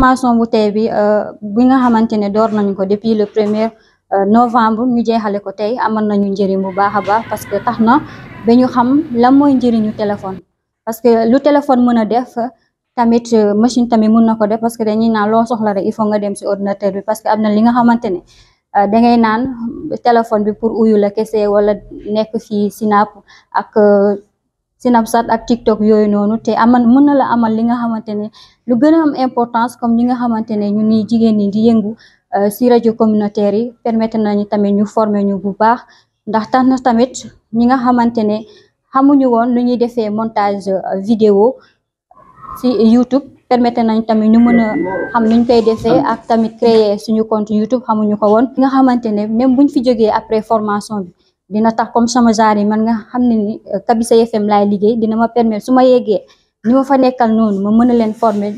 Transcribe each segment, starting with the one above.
formation bu tey bi euh, bi nga xamante ne door nañu ko depuis le premier euh, novembre ñu jeexale ko tey amal ñu njëriñ bu baax a baax parce que tax na ba ñu xam lan mooy njëriñu téléphone parce que lu téléphone mën a def tamit euh, machine tamit mën na ko def parce que dañuy na loo soxla rek il faut nga dem si ordinateur bi parce que am na li nga xamante ne dangay naan téléphone bi pour uyu la kese wala nekk fii Snap ak Snapchat ak TikTok yooyu noonu te amal mën na la amal li nga xamante ne lu gën a am importance comme ñi nga xamante ne ñu ni jigéen ñi di yëngu euh, si rajo communautaire yi permettre nañu tamit ñu former ñu bu baax ndax tax tamit ñi nga xamante ne xamuñu woon lu ñuy defee montage euh, vidéo si YouTube permettre nañ tamit ñu mën a xam nuñ koy defee ak tamit créer suñu compte YouTube xamuñu ko woon. nga xamante ne même buñ fi jógee après formation bi. dina tax comme sama genre yi man nga xam ne ni euh, Kabisa FM laay liggéey dina ma permettre su ma yeggee ñi ma fa nekkal noonu ma mën a leen former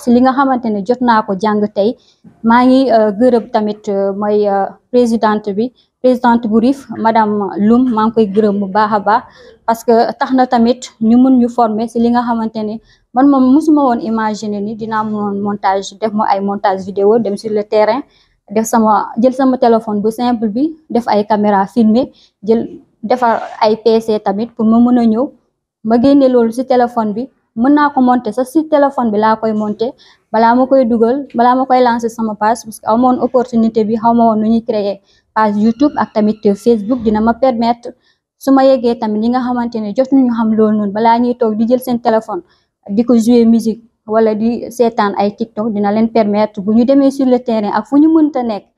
si li nga xamante ne jot naa ko jàng tey maa ngi euh, gërëm tamit euh, mooy présidente bi présidente bu RIF madame Loum maa ngi koy gërëm bu baax a baax parce que tax na tamit ñu mun ñu former si li nga xamante ne man moom mosuma woon imaginer ni dinaa mënoon montage def mo ay montage vidéo dem sur le terrain def sama jël sama téléphone bu simple bi def ay caméra filmer jël defar ay PC tamit pour ma mën a ñëw ma génne loolu si téléphone bi mën naa ko monté sax si téléphone bi laa koy monter balaa ma koy dugal balaa ma koy lancé sama page parce que amoon opportunité bi xaw ma woon nu ñuy créer page YouTube ak tamit Facebook dina ma permettre su ma yeggee tamit ñi nga xamante ne ñu ñu xam lool noonu balaa ñuy toog di jël seen téléphone di ko jouer musique wala di setan ay TikTok dina len permettre bu ñu demee sur le terrain ak fu ñu mënta nek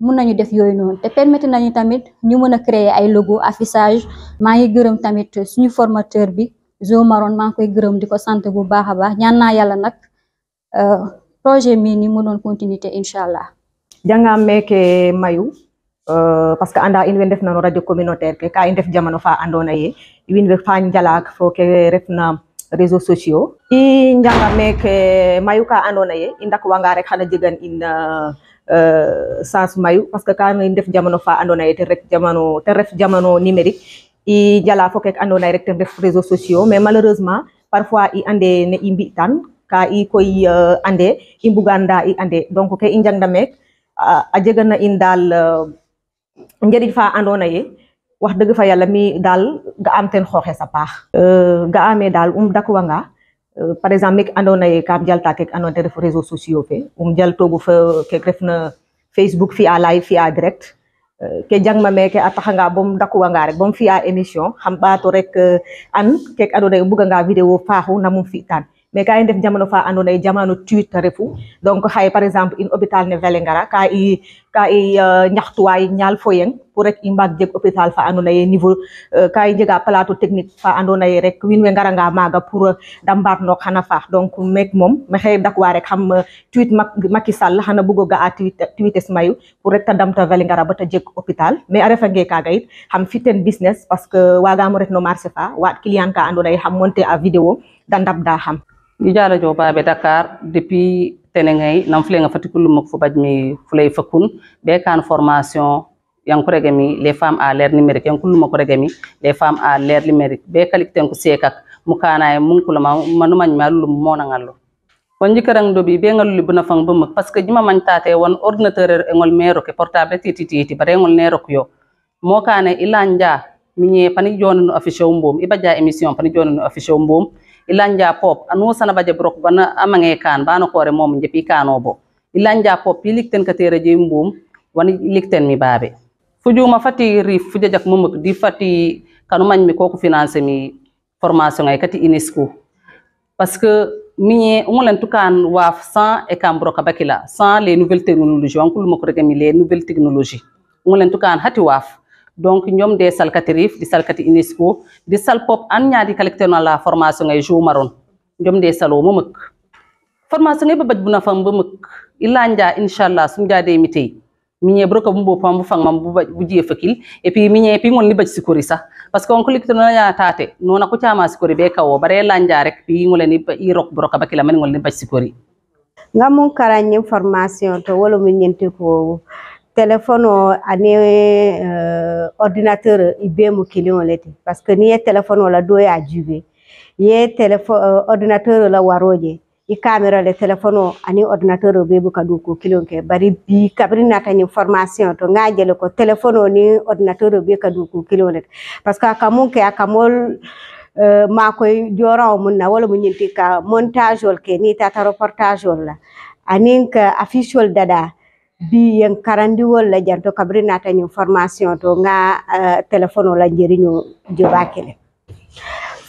mën nañu def yoy non té permettre nañu tamit ñu mëna a créer ay logo affichage ma ngi gëreum tamit suñu formateur bi Zo Maron ma ngi koy gëreum diko ko bu baaxa baax ñaan yalla nak euh projet mi ni mënon continuité inshallah janga jangammeeke mayu Uh, parce que anda in wen def nañu radio communautaire ke ka in def jamono fa andona ye in wen fa njalak fo ke na réseaux sociaux i njanga meke eh, mayu ka andoona yee i ndakwanga rek xan a in eh, eh, sens mayu parce que ka i ndef fa andoona yee ten ref jamano ten ref jamano numérique i njala fo kek andoona rek ten ref réseaux sociaux mais malheureusement parfois i ande ne i mbi'tan ka i koy ande i mbugan nda i ande donc ke i njangna meek a jegan na in daal njëriñ fa andoona wax dëgg fa yàlla mi daal ga am ten xooxe sa paax euh, ga amee daal um dakwanga euh, par exemple mi andoona yee kaam jalta kek andoona yee te ref réseaux sociaux fe um jaltoogu fa kek ref na facebook fi'a live fi'a direct euh, ke jangma meke a taxanga bom dakwanga rek bom a émission xam ɓaato rek an kek andoona yee o buganga vidéo faaxu namum fi'tan mais ka i ndef jamano fa andoona yee jamano tiit a refu donc xaye par exemple in hôpital ne Vélingara ka i ka i euh, ñaxtuwaay ñaal fo yeng pour rek i mbaag jeg hôpital fa andoona yee niveau euh, i njega plateau technique rek wiin we ngaranga maaga pour da mbarnook xana faax donc meek moom maxey dakwa rek xam euh, tiit Macky xana bug o ga'a tiites mayu pour rek ta damta Vélingara ba ta jeg hôpital mais a refangee kaaga yit xam fi ten business parce que waagaam o no marché fa waaɗ client ka andoona yee xam monter ijala jo baɓe dakar depuis tenegay nan fulenga foti kullummak fu bajmi fulay fakkun be kan formation ko regami les femmes à l'ère numérique yankulluma ko regami les femmes à l'ère numérique ɓe kalikten ko seekak mukanaye munkulama manumañmi allum monangallo kon jikaran do bi be ngallu buna fang bum parce que jima man tate won ordinateur e ngol mero ke portable titi titi bare ngol nero yo mo kanay ilanja minye pani jonu no official mbom ibaja émission pani jonnu no official mbom ilanja pop anu sana baje brok bana amange kan bana kore mom jepi bo ilanja pop ilikten katere je mbum wani ilikten mi babe fujuma fati ri fujajak mom di fati kanu mi koko finance mi formation ay kati inesco parce que miñe ngulen tukan waf 100 e kam brok bakila 100 les nouvelles technologies wankul mako rek mi les nouvelles technologies ngulen tukan hati waf donc ñoom des salkati rif ɗi salkati unesco ɗi salpop an ñaadi collecteur la formation ngay joumaron ñoom des salo mamak formation ngay babaj buna fam bamak illa nja inchallah sum jaade mi tey miñe broka bu bopam bu fangmam bu jiye fakil et puis miñe pi ngol libaj sikori sax parce que on collecteur na ya tate nona sikori be kawo bare la nja rek pi ngol ni i rok broka bakila man ngol libaj sikori ngamon karanyin formation to wala min téléphone o ani euh, ordinateur i bee mu parce que niŋ ye téléphone la doo ye a juube ye euh, ordinateur la waroo je i kamera le téléphone o ani ordinateur o bee buka duu ko kiliŋo ke bari bi kabiri nata ñiŋ formation to ŋa téléphone o ordinateur o bee ka duu ko kiliŋo parce que a ka muŋ a ka moolu euh, maakoy jooraŋo muŋ na wo le ka montage ol ke niŋ i reportage ol la aniŋ ka affiche ol dadaa bi yen karandi wol la janto kabri nata ñu formation to nga eh, telefono la njëriñu jobakile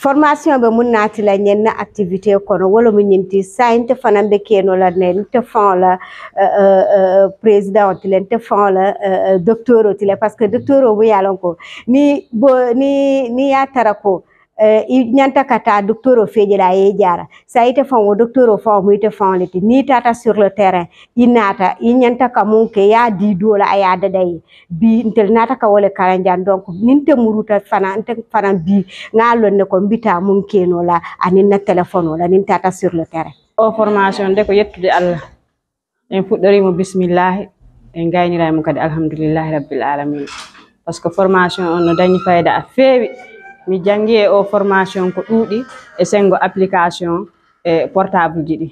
formation be mun naati la ñenn activité kono wala mu ñinti sainte fana be keno la ne te fond la uh, eh, uh, eh, président ti la docteur ti parce que docteur bu yalon ko ni bo ni ni ya tarako Eh, i ñanta kata docteur o feejeɗa e jara sa ite fon o docteur o fon mo te fon leti ni tata sur le terrain inata i ñanta ka mum ke ya di do la ya da dadayi e. bi ntel nata ka wole karanjan donc nin te muruta fana nte fana bi nga ne ko mbita ke no la ani na téléphone ola nin tata sur le terrain o formation de ko yettude allah en mo bismillah en mo kadi alhamdoulillahi rabbil alamin parce que formation on no dañi fayida a feewi mi janngi e o formation ko ɗuuɗi e senngo application e portable ji ɗi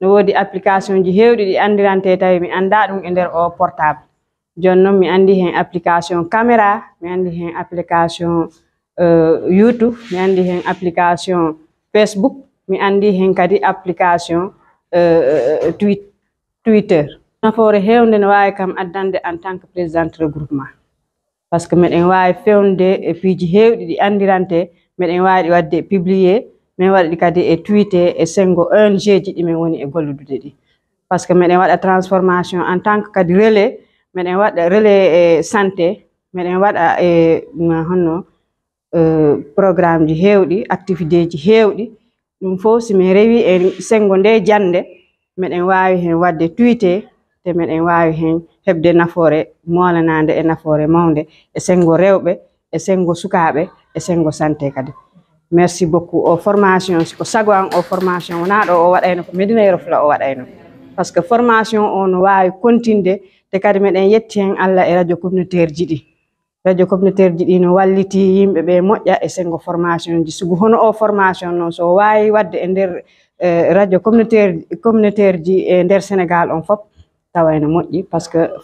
no woodi application ji heewɗi ɗi anndirante tawi mi anndaa ɗum e ndeer o portable jooni noon mi anndi heen application caméra mi anndi heen application euh, youtube mi anndi heen application facebook mi anndi heen kadi application euh, twitter nafoore heewnde no waawi kam addande en tant que présidentre groupement pasque meɗen wawi fewnde e piiji hewɗi ɗi andirante meɗen wawi ɗi wadde e publié min waɗa ɗi kadi e tuite e sengo ong ji ɗi min woni e golludude ɗi pasque meɗen waɗa transformation en tant que kadi relais meɗen waɗa relais e santé meɗen waɗa e honno e programme ji hewɗi activité ji hewɗi ɗum fof si min rewi e sengo nde jande meɗen wawi hen wadde tuite wawi hen merci beaucoup aux formation ko sago formation wona o waɗayno ko o que formation on wawi continde te kadi meɗen yetti allah radio communautaire radio communautaire ji no walliti e formation ji sugu hono o formation noon so e eh, radio communautaire communautaire ji e sénégal on foof que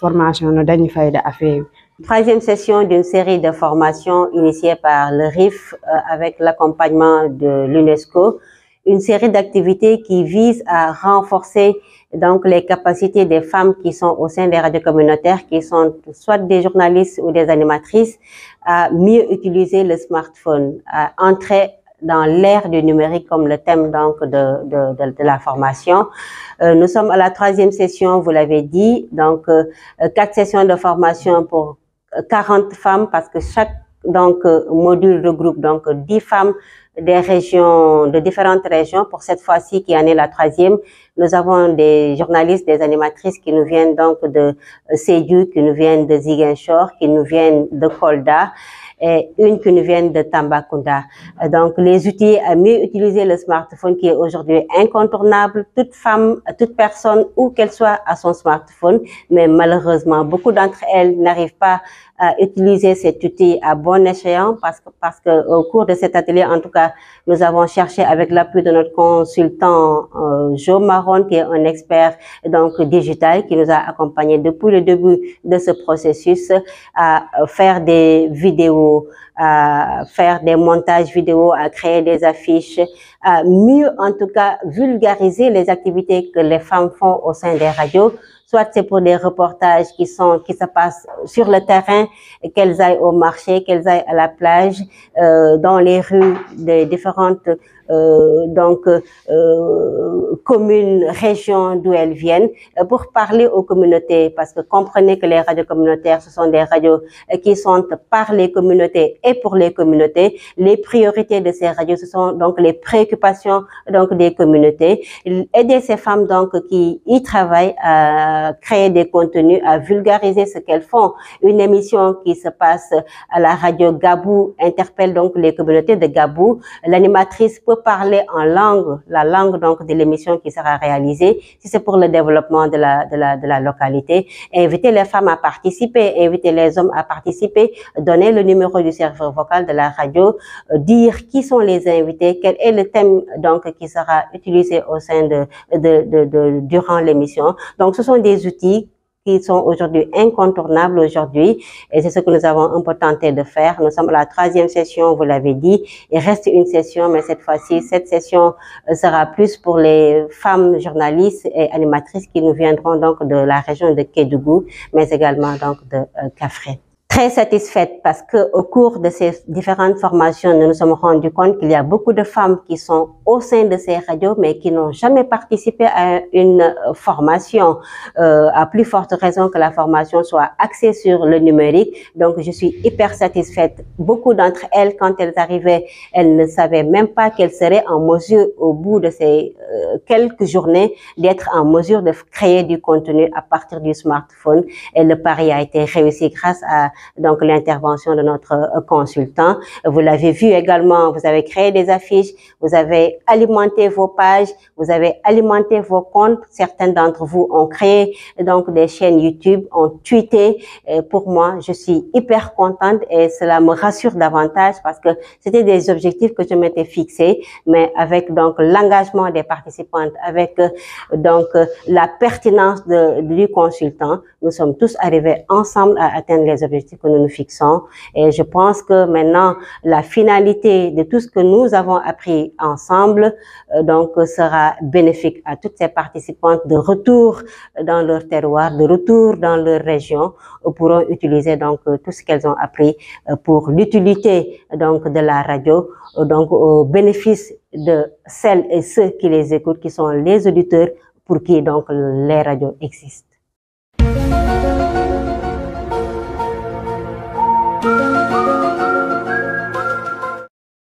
Troisième session d'une série de formations initiées par le RIF euh, avec l'accompagnement de l'UNESCO, une série d'activités qui vise à renforcer donc les capacités des femmes qui sont au sein des radios communautaires, qui sont soit des journalistes ou des animatrices, à mieux utiliser le smartphone, à entrer dans l'ère du numérique comme le thème donc de, de, de, de la formation. Euh, nous sommes à la troisième session, vous l'avez dit, donc euh, quatre sessions de formation pour 40 femmes parce que chaque donc module regroupe donc 10 femmes des régions, de différentes régions. Pour cette fois-ci, qui en est la troisième, nous avons des journalistes, des animatrices qui nous viennent donc de Sédu, qui nous viennent de Ziguinchor, qui nous viennent de Kolda et une qui nous vient de Tambacounda. Donc, les outils à euh, mieux utiliser le smartphone qui est aujourd'hui incontournable. Toute femme, toute personne, où qu'elle soit, a son smartphone. Mais malheureusement, beaucoup d'entre elles n'arrivent pas euh, utiliser cet outil à bon échéant parce que parce que euh, au cours de cet atelier, en tout cas, nous avons cherché avec l'appui de notre consultant Jo euh, Joe Maron, qui est un expert donc digital, qui nous a accompagnés depuis le début de ce processus à faire des vidéos à faire des montages vidéo, à créer des affiches, à mieux en tout cas vulgariser les activités que les femmes font au sein des radios. Soit c'est pour des reportages qui sont qui se passent sur le terrain, qu'elles aillent au marché, qu'elles aillent à la plage, euh, dans les rues des différentes euh, donc euh, communes, régions d'où elles viennent, euh, pour parler aux communautés, parce que comprenez que les radios communautaires, ce sont des radios qui sont par les communautés et pour les communautés. Les priorités de ces radios, ce sont donc les préoccupations donc des communautés. Aider ces femmes donc qui y travaillent à créer des contenus, à vulgariser ce qu'elles font. Une émission qui se passe à la radio Gabou interpelle donc les communautés de Gabou. L'animatrice peut parler en langue, la langue donc de l'émission qui sera réalisée, si c'est pour le développement de la, de la, localité. inviter les femmes à participer, inviter les hommes à participer, donner le numéro du serveur vocal de la radio, euh, dire qui sont les invités, quel est le thème donc qui sera utilisé au sein de, de, de, de durant l'émission. Donc ce sont des outils qui sont aujourd'hui incontournables aujourd'hui. Et c'est ce que nous avons un peu tenté de faire. Nous sommes à la troisième session, vous l'avez dit. Il reste une session, mais cette fois-ci, cette session euh, sera plus pour les femmes journalistes et animatrices qui nous viendront donc de la région de Kédougou, mais également donc de Cafré. Euh, très satisfaite parce que au cours de ces différentes formations, nous nous sommes rendus compte qu'il y a beaucoup de femmes qui sont au sein de ces radios, mais qui n'ont jamais participé à une euh, formation, euh, à plus forte raison que la formation soit axée sur le numérique. Donc, je suis hyper satisfaite. Beaucoup d'entre elles, quand elles arrivaient, elles ne savaient même pas qu'elles seraient en mesure, au bout de ces euh, quelques journées, d'être en mesure de créer du contenu à partir du smartphone. Et le pari a été réussi grâce à donc l'intervention de notre euh, consultant. Vous l'avez vu également, vous avez créé des affiches, vous avez alimenté vos pages, vous avez alimenté vos comptes. Certains d'entre vous ont créé donc des chaînes YouTube, ont tweeté. pour moi, je suis hyper contente et cela me rassure davantage parce que c'était des objectifs que je m'étais fixés, mais avec donc l'engagement des participantes, avec euh, donc euh, la pertinence du consultant, nous sommes tous arrivés ensemble à atteindre les objectifs que nous nous fixons. Et je pense que maintenant, la finalité de tout ce que nous avons appris ensemble, euh, donc, sera bénéfique à toutes ces participantes de retour dans leur terroir, de retour dans leur région, pourront utiliser donc tout ce qu'elles ont appris euh, pour l'utilité donc de la radio, euh, donc au bénéfice de celles et ceux qui les écoutent, qui sont les auditeurs pour qui donc les radios existent.